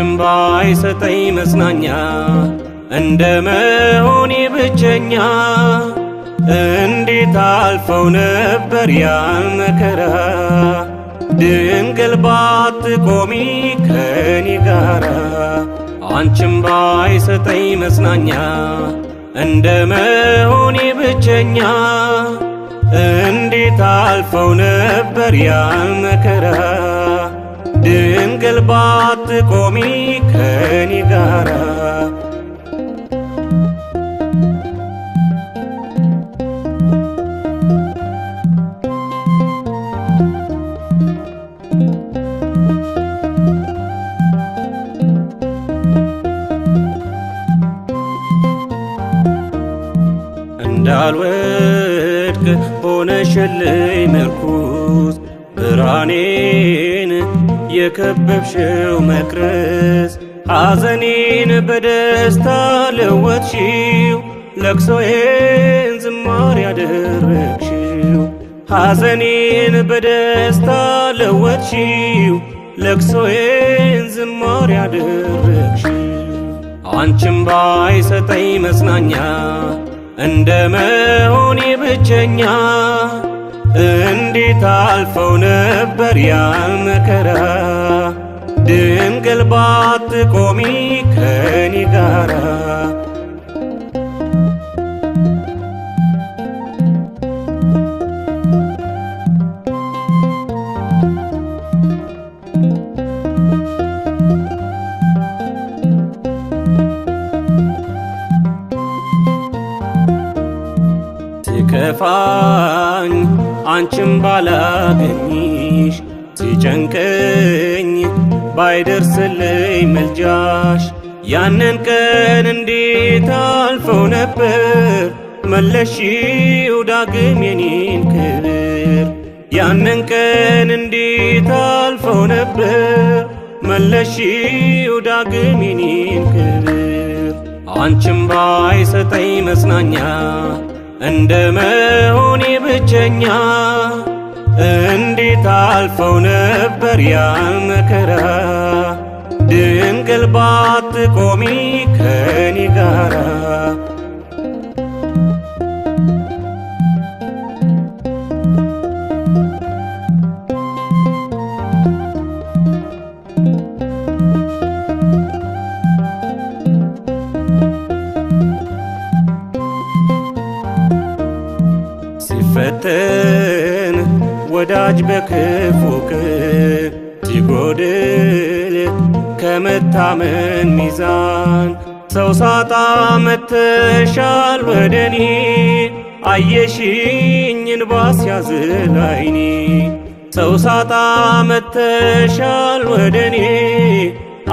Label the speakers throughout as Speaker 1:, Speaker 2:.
Speaker 1: ችም ባይሰጠኝ መጽናኛ እንደ መሆኔ ብቸኛ እንዴት አልፈው ነበር ያን መከራ ድንግል ባትቆሚ ከኔ ጋራ አንቺም ባይሰጠኝ መጽናኛ እንደ መሆኔ ብቸኛ እንዴት አልፈው ነበር ያን መከራ ድንግል ባትቆሚ ከኔ ጋራ እንዳልወድቅ ሆነሽልኝ ምርኩዝ ብርሃኔን የከበብሽው መቅረስ ሐዘኔን በደስታ ለወጥሽው፣ ለቅሶዬን ዝማር ያደረግሽው። ሐዘኔን በደስታ ለወጥሽው፣ ለቅሶዬን ዝማር ያደረግሽው። አንቺም ባይሰጠኝ መጽናኛ እንደ መሆኔ ብቸኛ እንዴት አልፈው ነበር ያን መከራ። ድንግል ባትቆሚ ከኔ ጋራ ባላገኝሽ ሲጨንቀኝ ባይደርስልኝ መልጃሽ ያንን ቀን እንዴት አልፈው ነበር መለሺው ዳግም የኔን ክብር ያንን ቀን እንዴት አልፈው ነበር መለሺው ዳግም የኔን ክብር አንቺም ባይሰጠኝ መጽናኛ እንደ መሆኔ ብቸኛ እንዴት አልፈው ነበር ያን መከራ። ድንግል ባትቆሚ ከኔ ጋራ ወዳጅ በክፉ ቅን ሲጎድል ከመታመን ሚዛን ሰው ሳጣ መተሻል ወደኔ አየሽኝ እንባ ሲያዝል አይኔ ሰው ሳጣ መተሻል ወደኔ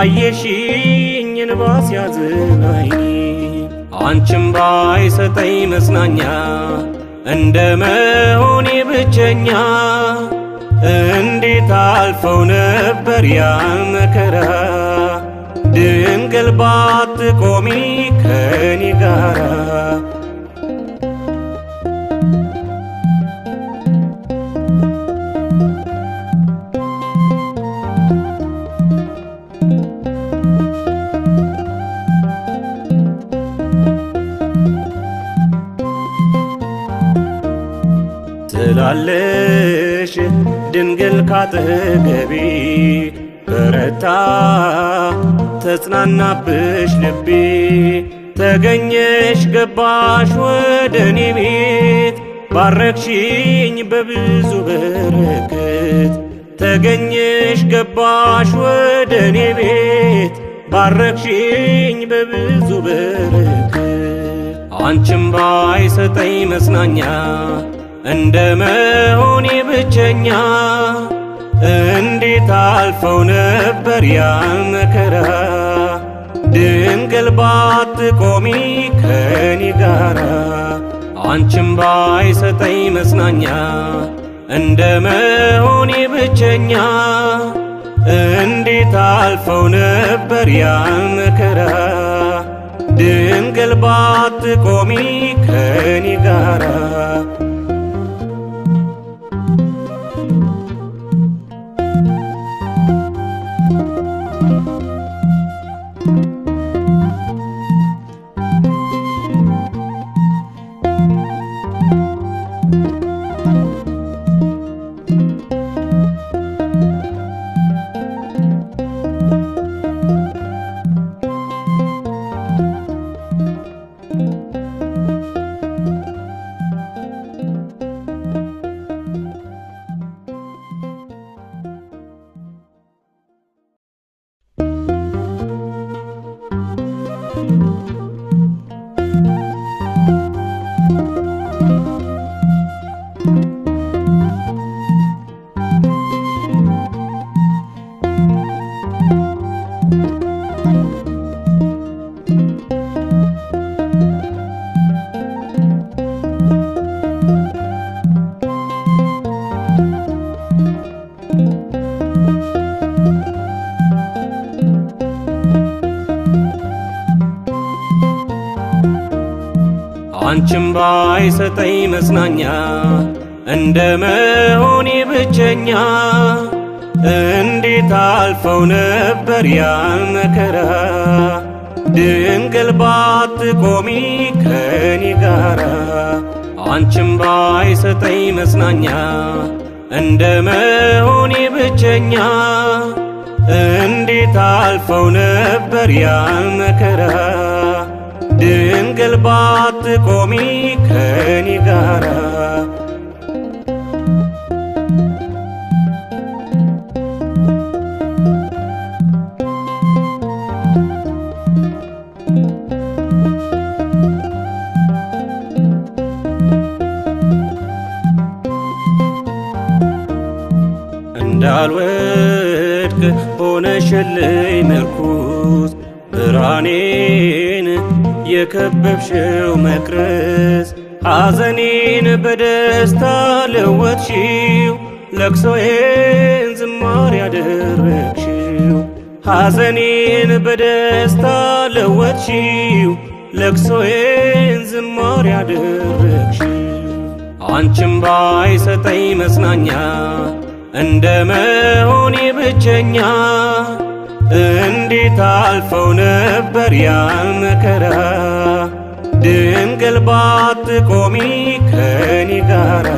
Speaker 1: አየሽኝ እንባ ሲያዝል አይኔ አንቺም ባይሰጠኝ መጽናኛ እንደ መሆኔ ብቸኛ እንዴት አልፈው ነበር ያ መከራ። ድንግል ባትቆሚ ከኔ ጋራ ገቢ በረታ ተጽናናብሽ ልቤ ተገኘሽ ገባሽ ወደ እኔ ቤት ባረክሽኝ በብዙ በረከት ተገኘሽ ገባሽ ወደ እኔ ቤት ባረክሽኝ በብዙ በረከት አንቺም ባይሰጠኝ መጽናኛ እንደ መሆኔ ብቸኛ ቤት አልፈው ነበር ያን መከራ። ድንግል ባትቆሚ ከኔ ጋራ አንቺም ባይሰጠኝ መጽናኛ እንደ መሆኔ ብቸኛ እንዴት አልፈው ነበር ያን መከራ። ድንግል ባትቆሚ ከኔ ጋራ አንቺም ባይሰጠኝ መጽናኛ እንደ መሆኔ ብቸኛ እንዴት አልፈው ነበር ያን መከራ። ድንግል ባትቆሚ ከኔ ጋራ አንቺም ባይሰጠኝ መጽናኛ እንደ መሆኔ ብቸኛ እንዴት አልፈው ነበር ያን መከራ ድንግል ባትቆሚ ከኔ ጋራ እንዳልወድቅ ሆነሽልኝ ምርኩዝ ብርሃኔ የከበብሽው መቅረዝ ሐዘኔን በደስታ ለወጥሽው፣ ለቅሶዬን ዝማር ያደረግሽው። ሐዘኔን በደስታ ለወጥሽው፣ ለቅሶዬን ዝማር ያደረግሽው። አንቺም ባይሰጠኝ መጽናኛ እንደ መሆኔ ብቸኛ እንዴት አልፈው ነበር ያን መከራ። ድንግል ባትቆሚ ከኔ ጋራ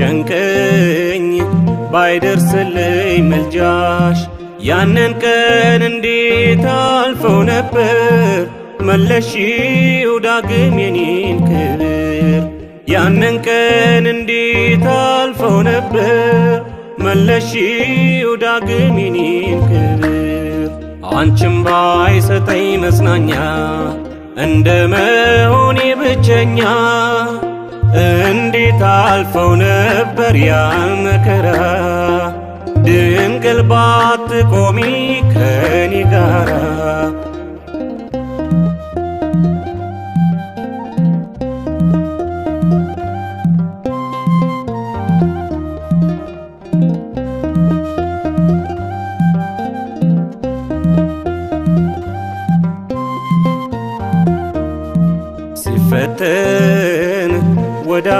Speaker 1: ቢጨንቀኝ ባይደርስልኝ መልጃሽ ያንን ቀን እንዴት አልፈው ነበር መለሺው ዳግም የኔን ክብር ያንን ቀን እንዴት አልፈው ነበር መለሺው ዳግም የኔን ክብር አንቺም ባይሰጠኝ መጽናኛ እንደ መሆኔ ብቸኛ እንዴት አልፈው ነበር ያ መከራ። ድንግል ባትቆሚ ከኔ ጋራ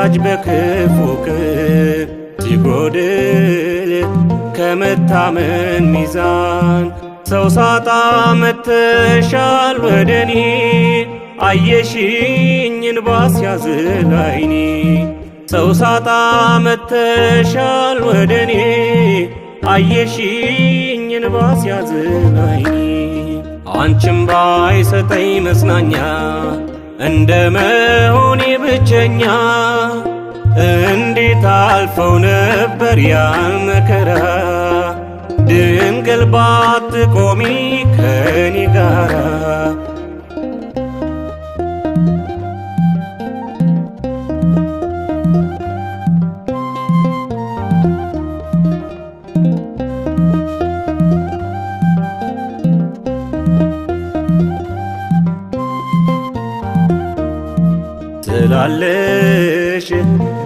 Speaker 1: ወዳጅ በክፉ ቅን ሲጎድል ከመታመን ሚዛን ሰው ሳጣ መተሻል ወደኔ አየሽኝ እንባ ሲያዝል አይኔ ሰው ሳጣ መተሻል ወደኔ አየሽኝ እንባ ሲያዝል አይኔ አንቺም ባይሰጠኝ መጽናኛ እንደ መሆኔ ብቸኛ እንዴት አልፈው ነበር ያን መከራ። ድንግል ባትቆሚ ከኔ ጋራ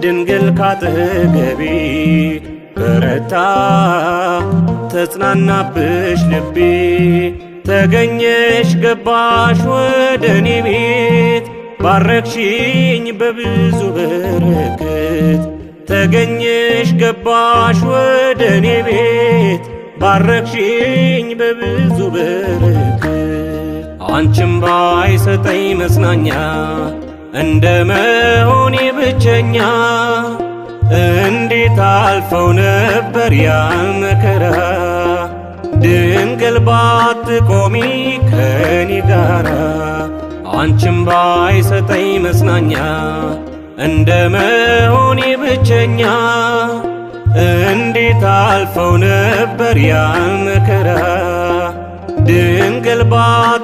Speaker 1: ድንግል ገቢ በረታ ተጽናናብሽ ልቤ ተገኘሽ ገባሽ ወደ እኔ ቤት ባረክሽኝ በብዙ በረከት ተገኘሽ ገባሽ ወደ እኔ ቤት ባረክሽኝ በብዙ በረከት አንቺም ባይሰጠኝ መጽናኛ እንደ መሆኔ ብቸኛ እንዴት አልፈው ነበር ያ መከራ። ድንግል ባትቆሚ ከኔ ጋራ አንቺም ባይሰጠኝ መጽናኛ እንደ መሆኔ ብቸኛ እንዴት አልፈው ነበር ያ መከራ ድንግል ባት